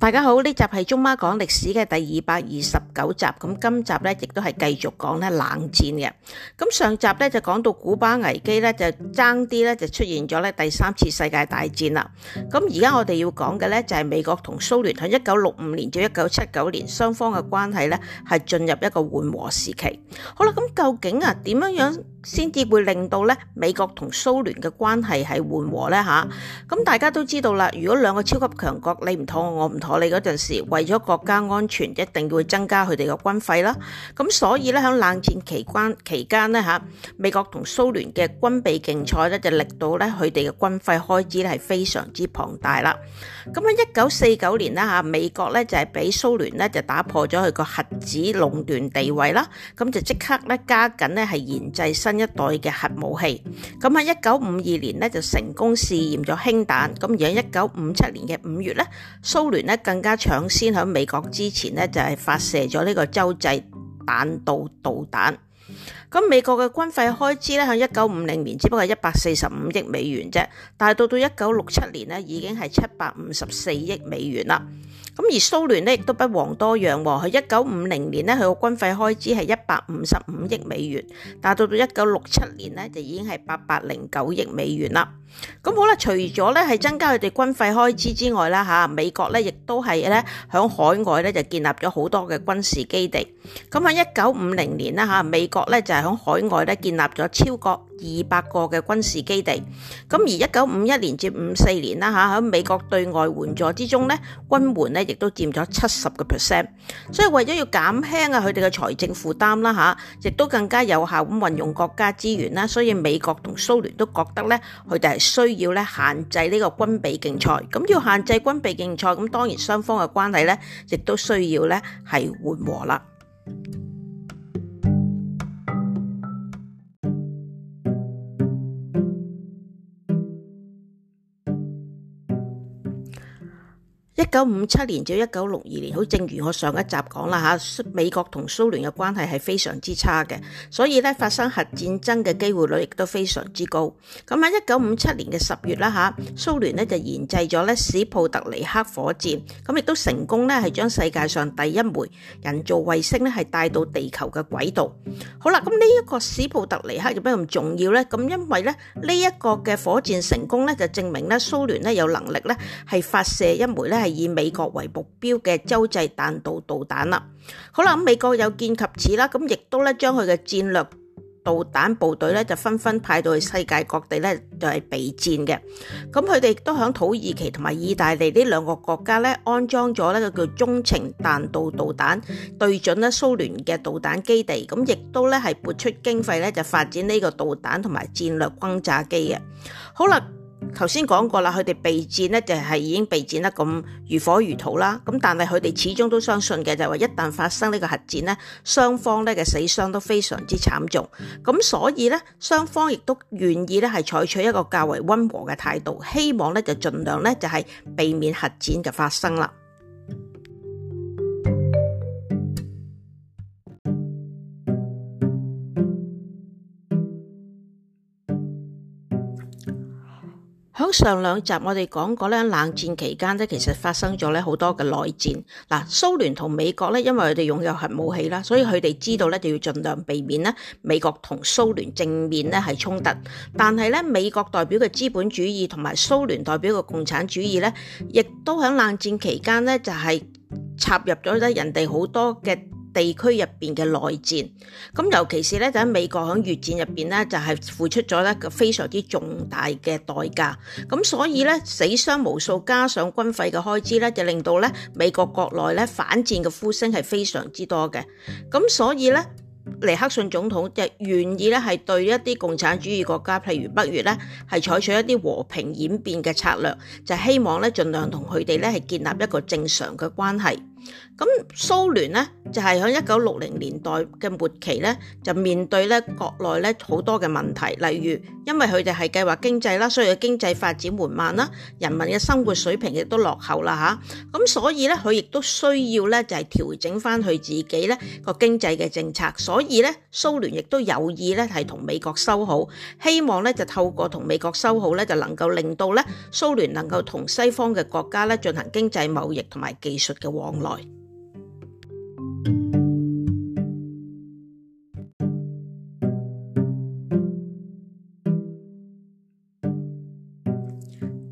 大家好，呢集係中媽講歷史嘅第二百二十九集，咁今集咧亦都係繼續講咧冷戰嘅。咁上集咧就講到古巴危機咧，就爭啲咧就出現咗咧第三次世界大戰啦。咁而家我哋要講嘅咧就係美國同蘇聯喺一九六五年至一九七九年雙方嘅關係咧係進入一個緩和時期。好啦，咁究竟啊點樣樣先至會令到咧美國同蘇聯嘅關係係緩和咧吓？咁大家都知道啦，如果兩個超級強國你唔妥我，我唔妥。我哋嗰陣時為咗國家安全，一定要增加佢哋嘅軍費啦。咁所以咧，喺冷戰期間期間咧嚇，美國同蘇聯嘅軍備競賽咧就令到咧佢哋嘅軍費開支係非常之龐大啦。咁喺一九四九年啦嚇，美國咧就係俾蘇聯咧就打破咗佢個核子壟斷地位啦。咁就即刻咧加緊咧係研製新一代嘅核武器。咁喺一九五二年呢，就成功試驗咗氫彈。咁而喺一九五七年嘅五月咧，蘇聯咧，更加搶先響美國之前呢，就係、是、發射咗呢個洲際彈道導彈。咁美國嘅軍費開支咧，響一九五零年只不過係一百四十五億美元啫，但係到到一九六七年呢，已經係七百五十四億美元啦。咁而蘇聯呢，亦都不遑多讓，佢一九五零年呢，佢個軍費開支係一百五十五億美元，但係到到一九六七年呢，就已經係八百零九億美元啦。咁好啦，除咗咧係增加佢哋軍費開支之外啦，吓美國咧亦都係咧響海外咧就建立咗好多嘅軍事基地。咁喺一九五零年啦，吓美國咧就是。喺海外咧建立咗超過二百個嘅軍事基地，咁而一九五一年至五四年啦嚇，喺美國對外援助之中咧，軍援咧亦都佔咗七十個 percent，所以為咗要減輕啊佢哋嘅財政負擔啦嚇，亦都更加有效咁運用國家資源啦，所以美國同蘇聯都覺得咧，佢哋係需要咧限制呢個軍備競賽，咁要限制軍備競賽，咁當然雙方嘅關係咧亦都需要咧係緩和啦。一九五七年至一九六二年，好正如我上一集講啦吓，美國同蘇聯嘅關係係非常之差嘅，所以咧發生核戰爭嘅機會率亦都非常之高。咁喺一九五七年嘅十月啦吓，蘇聯咧就研製咗咧史普特尼克火箭，咁亦都成功咧係將世界上第一枚人造衛星咧係帶到地球嘅軌道。好啦，咁呢一個史普特尼克有咩咁重要咧？咁因為咧呢一個嘅火箭成功咧就證明咧蘇聯咧有能力咧係發射一枚咧係。以美國為目標嘅洲際彈道導彈啦，好啦，咁美國有見及此啦，咁亦都咧將佢嘅戰略導彈部隊咧就紛紛派到去世界各地咧就係備戰嘅，咁佢哋都響土耳其同埋意大利呢兩個國家咧安裝咗呢個叫中程彈道導彈，對準咧蘇聯嘅導彈基地，咁亦都咧係撥出經費咧就發展呢個導彈同埋戰略轟炸機嘅，好啦。頭先講過啦，佢哋備戰呢就係已經備戰得咁如火如荼啦。咁但係佢哋始終都相信嘅就係話，一旦發生呢個核戰呢，雙方呢嘅死傷都非常之慘重。咁所以呢，雙方亦都願意呢係採取一個較為溫和嘅態度，希望呢就盡量呢就係避免核戰嘅發生啦。上兩集我哋講過咧，冷戰期間咧，其實發生咗咧好多嘅內戰。嗱，蘇聯同美國咧，因為佢哋擁有核武器啦，所以佢哋知道咧就要盡量避免咧美國同蘇聯正面咧係衝突。但係咧，美國代表嘅資本主義同埋蘇聯代表嘅共產主義咧，亦都喺冷戰期間咧就係插入咗咧人哋好多嘅。地區入邊嘅內戰，咁尤其是咧，就喺美國喺越戰入邊咧，就係付出咗一個非常之重大嘅代價。咁所以咧，死傷無數，加上軍費嘅開支咧，就令到咧美國國內咧反戰嘅呼聲係非常之多嘅。咁所以咧，尼克遜總統就願意咧係對一啲共產主義國家，譬如北越咧，係採取一啲和平演變嘅策略，就希望咧盡量同佢哋咧係建立一個正常嘅關係。咁蘇聯呢，就係喺一九六零年代嘅末期呢，就面對咧國內咧好多嘅問題，例如因為佢哋係計劃經濟啦，所以經濟發展緩慢啦，人民嘅生活水平亦都落後啦吓。咁、啊、所以咧佢亦都需要咧就係、是、調整翻佢自己咧個經濟嘅政策。所以咧蘇聯亦都有意咧係同美國修好，希望咧就透過同美國修好咧就能夠令到咧蘇聯能夠同西方嘅國家咧進行經濟貿易同埋技術嘅往來。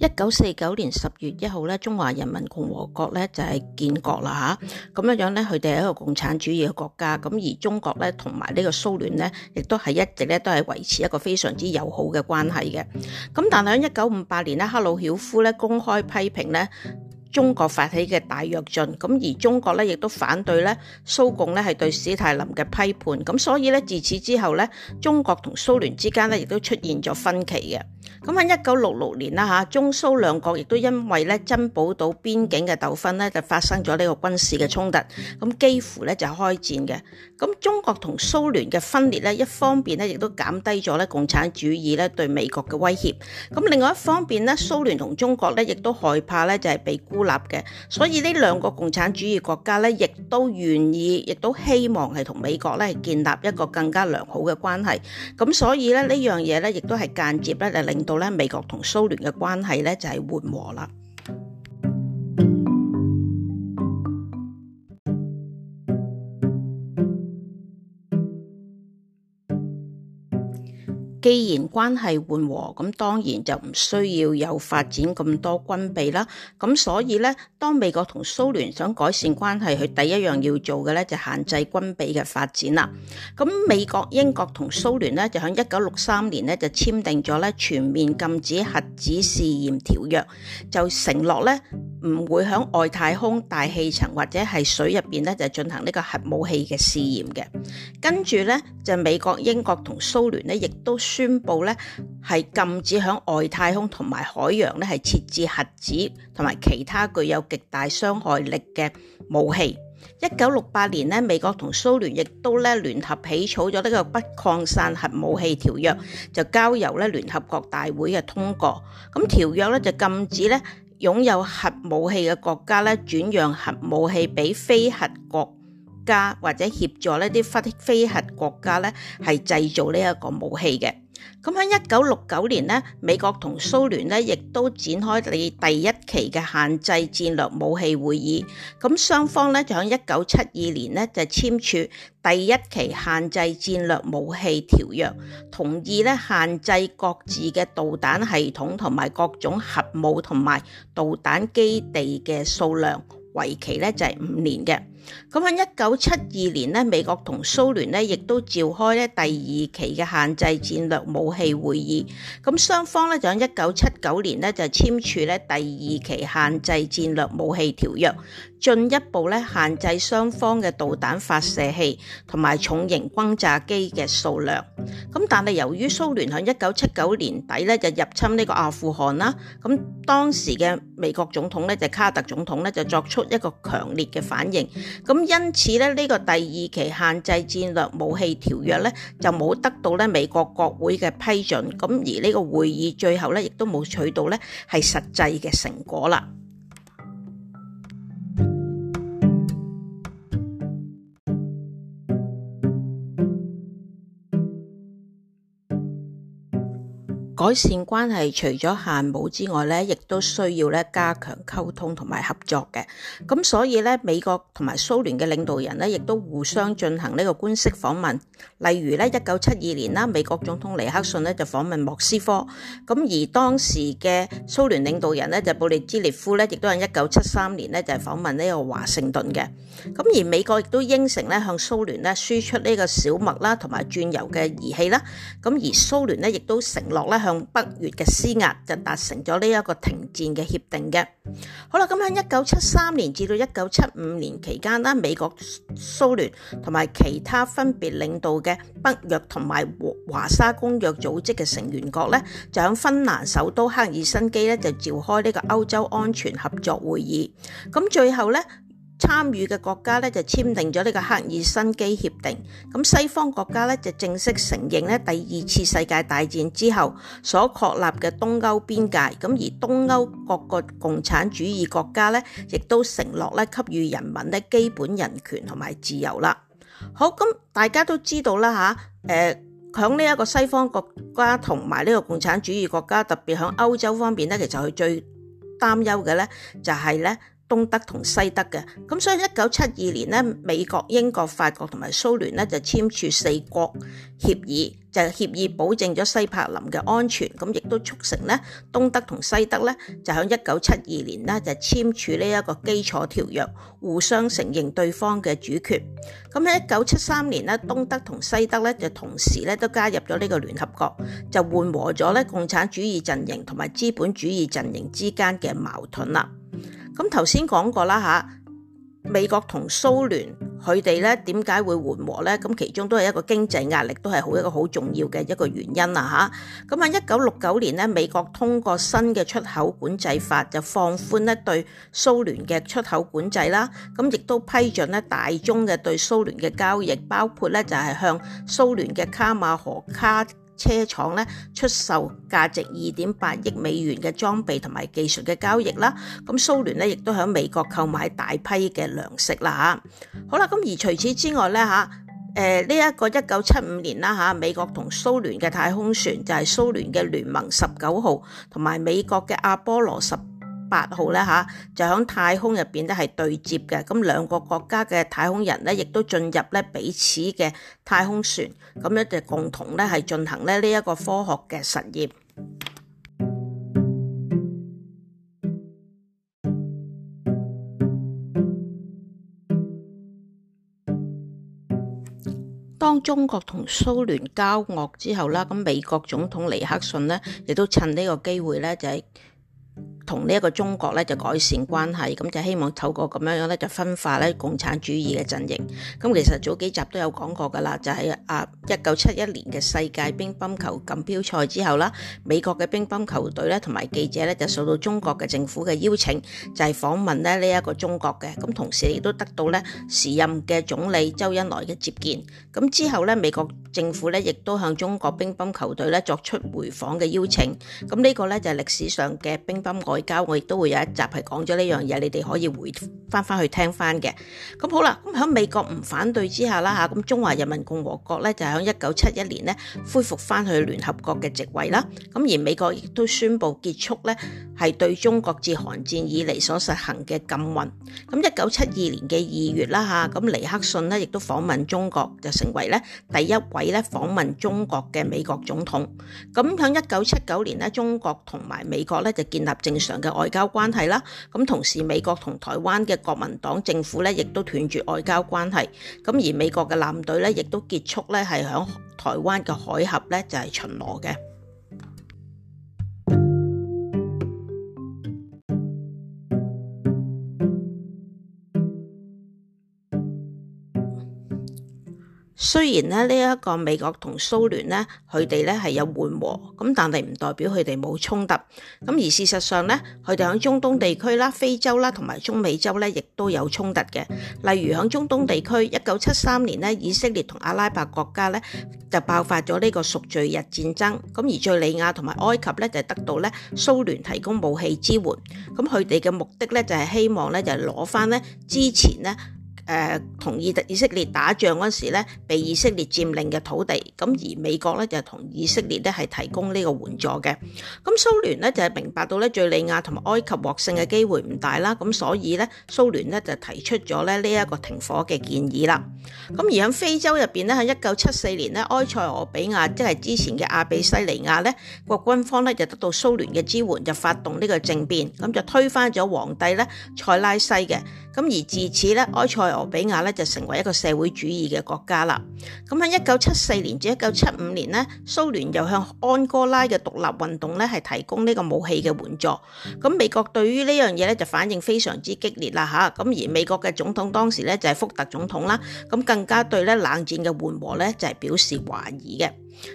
一九四九年十月一號咧，中華人民共和國咧就係建國啦吓，咁樣樣咧，佢哋係一個共產主義嘅國家。咁而中國咧同埋呢個蘇聯咧，亦都係一直咧都係維持一個非常之友好嘅關係嘅。咁但係喺一九五八年咧，克魯曉夫咧公開批評咧中國發起嘅大躍進，咁而中國咧亦都反對咧蘇共咧係對史太林嘅批判。咁所以咧自此之後咧，中國同蘇聯之間咧亦都出現咗分歧嘅。咁喺一九六六年啦，吓，中蘇兩國亦都因為咧珍寶島邊境嘅糾紛咧，就發生咗呢個軍事嘅衝突，咁幾乎咧就開戰嘅。咁中國同蘇聯嘅分裂咧，一方面咧亦都減低咗咧共產主義咧對美國嘅威脅，咁另外一方面咧，蘇聯同中國咧亦都害怕咧就係被孤立嘅，所以呢兩個共產主義國家咧，亦都願意，亦都希望係同美國咧建立一個更加良好嘅關係。咁所以咧呢樣嘢咧，亦都係間接咧就令。到美國和蘇聯的關係就是緩和了。既然關係緩和，咁當然就唔需要有發展咁多軍備啦。咁所以咧，當美國同蘇聯想改善關係，佢第一樣要做嘅咧就限制軍備嘅發展啦。咁美國、英國同蘇聯咧就喺一九六三年咧就簽訂咗咧全面禁止核子試驗條約，就承諾咧唔會喺外太空大氣層或者係水入邊咧就進行呢個核武器嘅試驗嘅。跟住咧就美國、英國同蘇聯咧亦都宣布咧係禁止喺外太空同埋海洋咧係設置核子同埋其他具有極大傷害力嘅武器。一九六八年呢，美國同蘇聯亦都咧聯合起草咗呢、這個不擴散核武器條約，就交由咧聯合國大會嘅通過。咁條約咧就禁止咧擁有核武器嘅國家咧轉讓核武器俾非核國家或者協助呢啲非非核國家咧係製造呢一個武器嘅。咁喺一九六九年咧，美國同蘇聯咧亦都展開你第一期嘅限制戰略武器會議。咁雙方咧就響一九七二年咧就簽署第一期限制戰略武器條約，同意咧限制各自嘅導彈系統同埋各種核武同埋導彈基地嘅數量，為期咧就係五年嘅。咁喺一九七二年咧，美國同蘇聯咧亦都召開咧第二期嘅限制戰略武器會議。咁雙方咧就喺一九七九年咧就簽署咧第二期限制戰略武器條約，進一步咧限制雙方嘅導彈發射器同埋重型轟炸機嘅數量。咁但係由於蘇聯喺一九七九年底咧就入侵呢個阿富汗啦，咁當時嘅美國總統咧就卡特總統咧就作出一個強烈嘅反應。咁因此咧，呢、這個第二期限制戰略武器條約咧，就冇得到咧美國國會嘅批准。咁而呢個會議最後咧，亦都冇取到咧係實際嘅成果啦。改善關係除咗限武之外咧，亦都需要咧加強溝通同埋合作嘅。咁所以咧，美國同埋蘇聯嘅領導人咧，亦都互相進行呢個官式訪問。例如咧，一九七二年啦，美國總統尼克遜咧就訪問莫斯科。咁而當時嘅蘇聯領導人咧，就布列茲列夫咧，亦都喺一九七三年咧就係訪問呢個華盛頓嘅。咁而美國亦都應承咧向蘇聯咧輸出呢個小麥啦同埋鑽油嘅儀器啦。咁而蘇聯呢，亦都承諾咧向北越嘅施壓就達成咗呢一個停戰嘅協定嘅，好啦，咁喺一九七三年至到一九七五年期間啦，美國、蘇聯同埋其他分別領導嘅北約同埋華沙公約組織嘅成員國咧，就喺芬蘭首都赫爾辛基咧就召開呢個歐洲安全合作會議，咁最後咧。參與嘅國家咧就簽訂咗呢個《赫爾新基協定》，咁西方國家咧就正式承認咧第二次世界大戰之後所確立嘅東歐邊界，咁而東歐各個共產主義國家咧亦都承諾咧給予人民的基本人權同埋自由啦。好，咁，大家都知道啦吓，誒響呢一個西方國家同埋呢個共產主義國家，特別響歐洲方面咧，其實佢最擔憂嘅咧就係、是、咧。東德同西德嘅咁，所以一九七二年咧，美國、英國、法國同埋蘇聯咧就簽署四國協議，就係協議保證咗西柏林嘅安全，咁亦都促成咧東德同西德咧就喺一九七二年咧就簽署呢一個基礎條約，互相承認對方嘅主權。咁喺一九七三年咧，東德同西德咧就同時咧都加入咗呢個聯合國，就緩和咗咧共產主義陣營同埋資本主義陣營之間嘅矛盾啦。咁頭先講過啦嚇，美國同蘇聯佢哋咧點解會緩和咧？咁其中都係一個經濟壓力，都係好一個好重要嘅一個原因啦嚇。咁喺一九六九年咧，美國通過新嘅出口管制法，就放寬咧對蘇聯嘅出口管制啦。咁亦都批准咧大宗嘅對蘇聯嘅交易，包括咧就係向蘇聯嘅卡馬河卡。車廠咧出售價值二點八億美元嘅裝備同埋技術嘅交易啦，咁蘇聯呢，亦都喺美國購買大批嘅糧食啦吓。好啦，咁而除此之外咧吓，誒呢一個一九七五年啦吓，美國同蘇聯嘅太空船就係蘇聯嘅聯盟十九號同埋美國嘅阿波羅十。八號咧嚇，就喺太空入邊咧係對接嘅，咁兩個國家嘅太空人咧亦都進入咧彼此嘅太空船，咁一就共同咧係進行咧呢一個科學嘅實驗。當中國同蘇聯交惡之後啦，咁美國總統尼克遜咧亦都趁呢個機會咧就係。同呢一個中國咧就改善關係，咁就希望透過咁樣樣咧就分化咧共產主義嘅陣營。咁其實早幾集都有講過㗎喇，就係啊一九七一年嘅世界乒乓球錦標賽之後啦，美國嘅乒乓球隊咧同埋記者咧就受到中國嘅政府嘅邀請，就係訪問咧呢一個中國嘅。咁同時亦都得到咧時任嘅總理周恩來嘅接見。咁之後咧美國政府咧亦都向中國乒乓球隊咧作出回訪嘅邀請。咁呢個咧就係歷史上嘅乒乓改。交我亦都會有一集係講咗呢樣嘢，你哋可以回翻翻去聽翻嘅。咁好啦，咁喺美國唔反對之下啦嚇，咁中華人民共和國咧就喺一九七一年咧恢復翻去聯合國嘅席位啦。咁而美國亦都宣布結束咧係對中國自韓戰以嚟所實行嘅禁運。咁一九七二年嘅二月啦嚇，咁尼克遜呢亦都訪問中國，就成為咧第一位咧訪問中國嘅美國總統。咁喺一九七九年呢，中國同埋美國咧就建立正。嘅外交關係啦，咁同時美國同台灣嘅國民黨政府咧，亦都斷絕外交關係，咁而美國嘅艦隊咧，亦都結束咧，係響台灣嘅海峽咧，就係巡邏嘅。雖然呢一個美國同蘇聯呢，佢哋呢係有緩和咁，但係唔代表佢哋冇衝突。咁而事實上呢，佢哋喺中東地區啦、非洲啦同埋中美洲呢，亦都有衝突嘅。例如喺中東地區，一九七三年呢，以色列同阿拉伯國家呢，就爆發咗呢個贖罪日戰爭。咁而敘利亞同埋埃及呢，就得到呢蘇聯提供武器支援。咁佢哋嘅目的呢，就係希望呢，就係攞翻呢之前呢。誒同意特以色列打仗嗰時咧，被以色列佔領嘅土地，咁而美國咧就同以色列咧係提供呢個援助嘅，咁蘇聯咧就係明白到咧敘利亞同埋埃及獲勝嘅機會唔大啦，咁所以咧蘇聯咧就提出咗咧呢一個停火嘅建議啦，咁而喺非洲入邊咧，喺一九七四年咧，埃塞俄比亞，即係之前嘅阿比西尼亞咧，國軍方咧就得到蘇聯嘅支援，就發動呢個政變，咁就推翻咗皇帝咧塞拉西嘅。咁而自此咧，埃塞俄比亞咧就成為一個社會主義嘅國家啦。咁喺一九七四年至一九七五年咧，蘇聯又向安哥拉嘅獨立運動咧係提供呢個武器嘅援助。咁美國對於呢樣嘢咧就反應非常之激烈啦吓。咁而美國嘅總統當時咧就係福特總統啦。咁更加對咧冷戰嘅緩和咧就係表示懷疑嘅。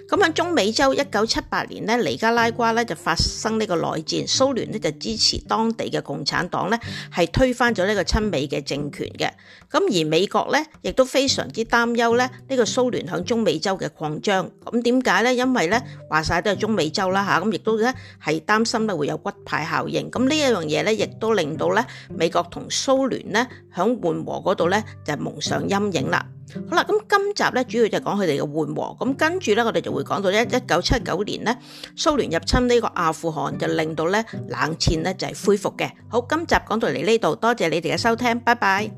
咁喺中美洲，一九七八年咧，尼加拉瓜咧就發生呢個內戰，蘇聯咧就支持當地嘅共產黨咧，係推翻咗呢個親美嘅政權嘅。咁而美國咧，亦都非常之擔憂咧呢個蘇聯響中美洲嘅擴張。咁點解咧？因為咧話晒都係中美洲啦吓，咁亦都咧係擔心咧會有骨牌效應。咁呢一樣嘢咧，亦都令到咧美國同蘇聯咧響緩和嗰度咧就蒙上陰影啦。好啦，咁今集咧主要就講佢哋嘅緩和，咁跟住咧我哋就會講到一一九七九年咧蘇聯入侵呢個阿富汗就令到咧冷戰咧就係恢復嘅。好，今集講到嚟呢度，多謝你哋嘅收聽，拜拜。